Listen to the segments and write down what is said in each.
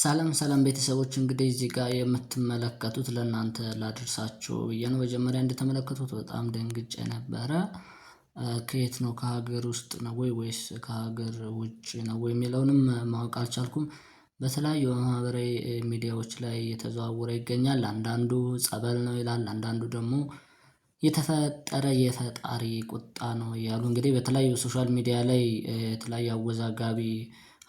ሰላም ሰላም ቤተሰቦች እንግዲህ እዚህ ጋር የምትመለከቱት ለእናንተ ላደርሳችሁ ብዬ ነው። መጀመሪያ እንደተመለከቱት በጣም ደንግጬ ነበረ። ከየት ነው ከሀገር ውስጥ ነው ወይ ወይስ ከሀገር ውጭ ነው ወይ የሚለውንም ማወቅ አልቻልኩም። በተለያዩ ማህበራዊ ሚዲያዎች ላይ እየተዘዋወረ ይገኛል። አንዳንዱ ጸበል ነው ይላል፣ አንዳንዱ ደግሞ የተፈጠረ የፈጣሪ ቁጣ ነው እያሉ እንግዲህ በተለያዩ ሶሻል ሚዲያ ላይ የተለያዩ አወዛጋቢ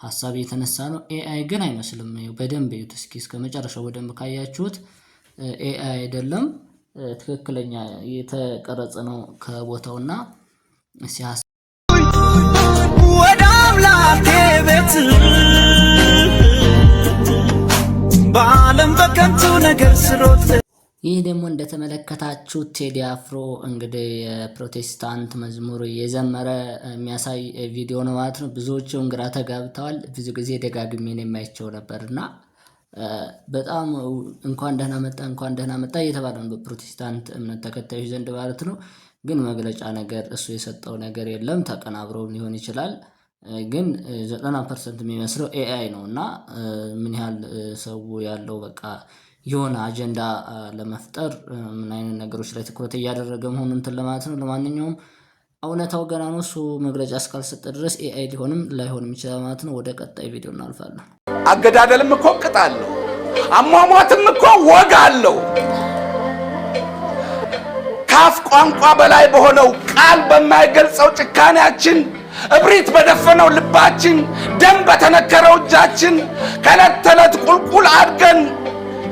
ሀሳብ የተነሳ ነው። ኤአይ ግን አይመስልም። በደንብ እዩት እስኪ እስከ መጨረሻው በደንብ ካያችሁት ኤአይ አይደለም፣ ትክክለኛ የተቀረጸ ነው ከቦታውና ሲያስ ወደ አምላኬ ቤት በዓለም በከንቱ ነገር ስሮት ይህ ደግሞ እንደተመለከታችሁ ቴዲ አፍሮ እንግዲህ የፕሮቴስታንት መዝሙር የዘመረ የሚያሳይ ቪዲዮ ነው ማለት ነው። ብዙዎቹ ግራ ተጋብተዋል። ብዙ ጊዜ ደጋግሜን የማይቸው ነበር እና በጣም እንኳን ደህና መጣ እንኳን ደህና መጣ እየተባለ ነው በፕሮቴስታንት እምነት ተከታዮች ዘንድ ማለት ነው። ግን መግለጫ ነገር እሱ የሰጠው ነገር የለም። ተቀናብሮ ሊሆን ይችላል። ግን ዘጠና ፐርሰንት የሚመስለው ኤአይ ነው እና ምን ያህል ሰው ያለው በቃ የሆነ አጀንዳ ለመፍጠር ምን አይነት ነገሮች ላይ ትኩረት እያደረገ መሆኑ እንትን ለማለት ነው። ለማንኛውም እውነታው ገና ነው። እሱ መግለጫ እስካልሰጠ ድረስ ኤአይ ሊሆንም ላይሆንም ይችላል ማለት ነው። ወደ ቀጣይ ቪዲዮ እናልፋለን። አገዳደልም እኮ ቅጥ አለው፣ አሟሟትም እኮ ወግ አለው። ከአፍ ቋንቋ በላይ በሆነው ቃል በማይገልጸው ጭካኔያችን እብሪት በደፈነው ልባችን፣ ደም በተነከረው እጃችን ከዕለት ተዕለት ቁልቁል አድገን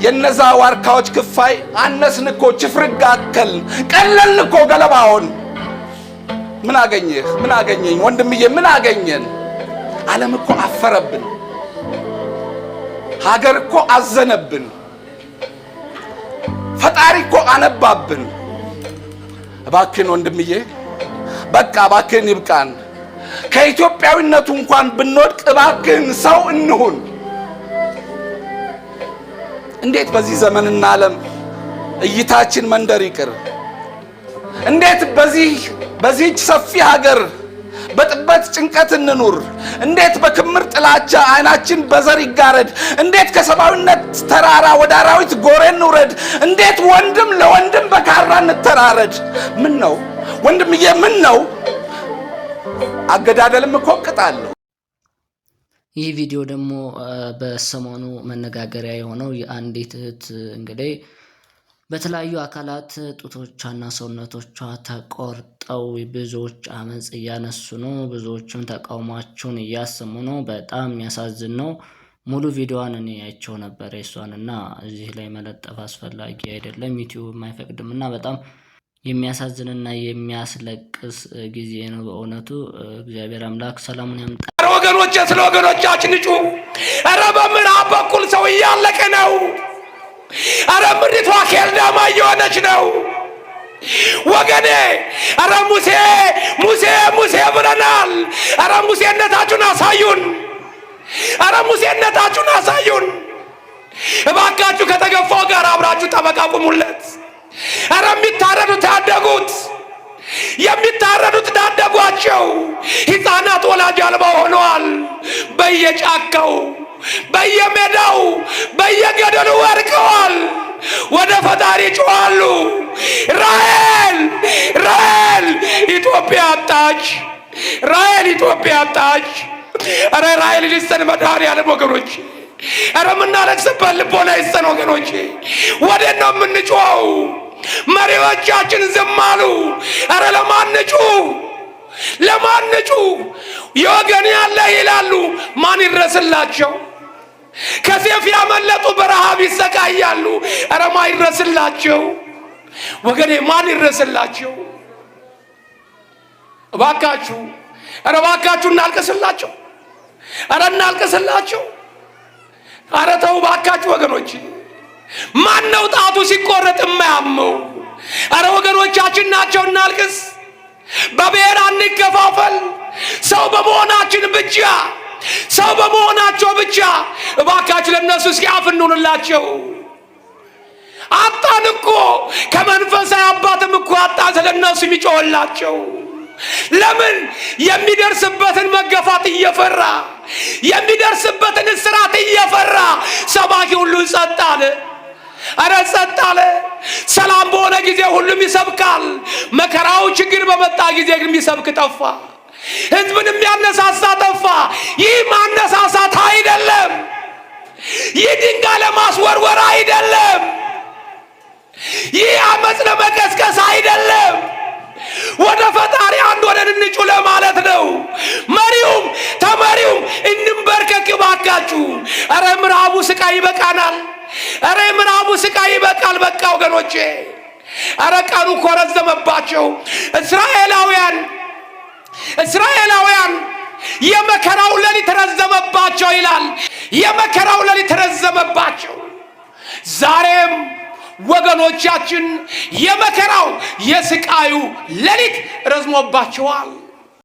የነዛ ዋርካዎች ክፋይ አነስን እኮ ችፍርግ አከል ቀለልን እኮ ገለባውን። ምን አገኘህ? ምን አገኘኝ? ወንድምዬ ምን አገኘን? ዓለም እኮ አፈረብን። ሀገር እኮ አዘነብን። ፈጣሪ እኮ አነባብን። እባክህን ወንድምዬ በቃ ባክን ይብቃን። ከኢትዮጵያዊነቱ እንኳን ብንወድቅ እባክን ሰው እንሁን። እንዴት በዚህ ዘመንና ዓለም እይታችን መንደር ይቅር፣ እንዴት በዚህ በዚህች ሰፊ ሀገር በጥበት ጭንቀት እንኑር፣ እንዴት በክምር ጥላቻ አይናችን በዘር ይጋረድ፣ እንዴት ከሰብአዊነት ተራራ ወደ አራዊት ጎሬ እንውረድ፣ እንዴት ወንድም ለወንድም በካራ እንተራረድ። ምን ነው ወንድምዬ፣ ምን ነው አገዳደልም እኮ ቅጣለሁ ይህ ቪዲዮ ደግሞ በሰሞኑ መነጋገሪያ የሆነው የአንዲት እህት እንግዲህ በተለያዩ አካላት ጡቶቿና ሰውነቶቿ ተቆርጠው ብዙዎች አመፅ እያነሱ ነው። ብዙዎችም ተቃውሟቸውን እያሰሙ ነው። በጣም የሚያሳዝን ነው። ሙሉ ቪዲዮዋን እኔ ያቸው ነበር የሷን እና እዚህ ላይ መለጠፍ አስፈላጊ አይደለም፣ ዩቲዩብ አይፈቅድም እና በጣም የሚያሳዝንና የሚያስለቅስ ጊዜ ነው በእውነቱ። እግዚአብሔር አምላክ ሰላሙን ያምጣ። ኧረ ወገኖች ስለ ወገኖቻችን ንጩ። ኧረ በምዕራብ በኩል ሰው እያለቀ ነው። ኧረ ምድሪቷ ኬልዳማ እየሆነች ነው ወገኔ። ኧረ ሙሴ ሙሴ ሙሴ ብለናል። ኧረ ሙሴነታችሁን አሳዩን። ኧረ ሙሴነታችሁን አሳዩን። እባካችሁ ከተገፋው ጋር አብራችሁ ጠበቃ ቁሙለት። ኧረ የሚታረዱት ታደጉት የሚታረዱት ዳደጓቸው ሕፃናት ወላጅ በየጫካው በየሜዳው በየገደሉ ወድቀዋል። ወደ ፈጣሪ ጮኋሉ። ራሔል ራሔል ኢትዮጵያ አጣች፣ ራሔል ኢትዮጵያ አጣች። ኧረ ራሔል ይስጠን መድኃኔዓለም ወገኖች። ኧረ የምናለቅስበት ልቦና ይስጠን ወገኖች። ወዴት ነው የምንጮኸው? መሪዎቻችን ዝም አሉ። ኧረ ለማን ንጩ? የወገን ያለህ ይላሉ። ማን ይድረስላቸው? ከሴፍ ያመለጡ በረሃብ ይሰቃያሉ። ኧረ ማን ይድረስላቸው? ወገኔ ማን ይድረስላቸው? እባካችሁ፣ ኧረ እባካችሁ እናልቅስላቸው፣ እረ እናልቅስላቸው። ኧረ ተው እባካችሁ ወገኖች። ማን ነው ጣቱ ሲቆረጥ የማያመው? እረ ወገኖቻችን ናቸው። እናልቅስ፣ በብሔር አንከፋፈል። ሰው በመሆናችን ብቻ ሰው በመሆናቸው ብቻ እባካችሁ ለእነሱ እስኪ አፍ እንሆንላቸው። አጣን እኮ ከመንፈሳዊ አባትም እኮ አጣን ስለ እነሱ የሚጮህላቸው ለምን የሚደርስበትን መገፋት እየፈራ የሚደርስበትን እስራት እየፈራ ሰባኪ ሁሉ ጸጥ አለ። እረ ጸጥ አለ። ሰላም በሆነ ጊዜ ሁሉም ይሰብካል። መከራው ችግር በመጣ ጊዜ ግን የሚሰብክ ጠፋ። ህዝብንም ያነሳሳ ጠፋ። ይህ ማነሳሳት አይደለም። ይህ ድንጋይ ለማስወርወር አይደለም። ይህ አመፅ ለመቀስቀስ አይደለም። ወደ ፈጣሪ አንድ ወደ ድንጩ ለማለት ነው። መሪውም ተመሪውም እንንበርከክ ባካችሁ። እረ ምራቡ ስቃይ ይበቃናል። እረ ምራቡ ስቃይ ይበቃል። በቃ ወገኖቼ፣ እረ ቀኑ እኮ ረዘመባቸው እስራኤላውያን እስራኤላውያን የመከራው ሌሊት ረዘመባቸው ይላል። የመከራው ሌሊት ረዘመባቸው። ዛሬም ወገኖቻችን የመከራው የስቃዩ ሌሊት ረዝሞባቸዋል።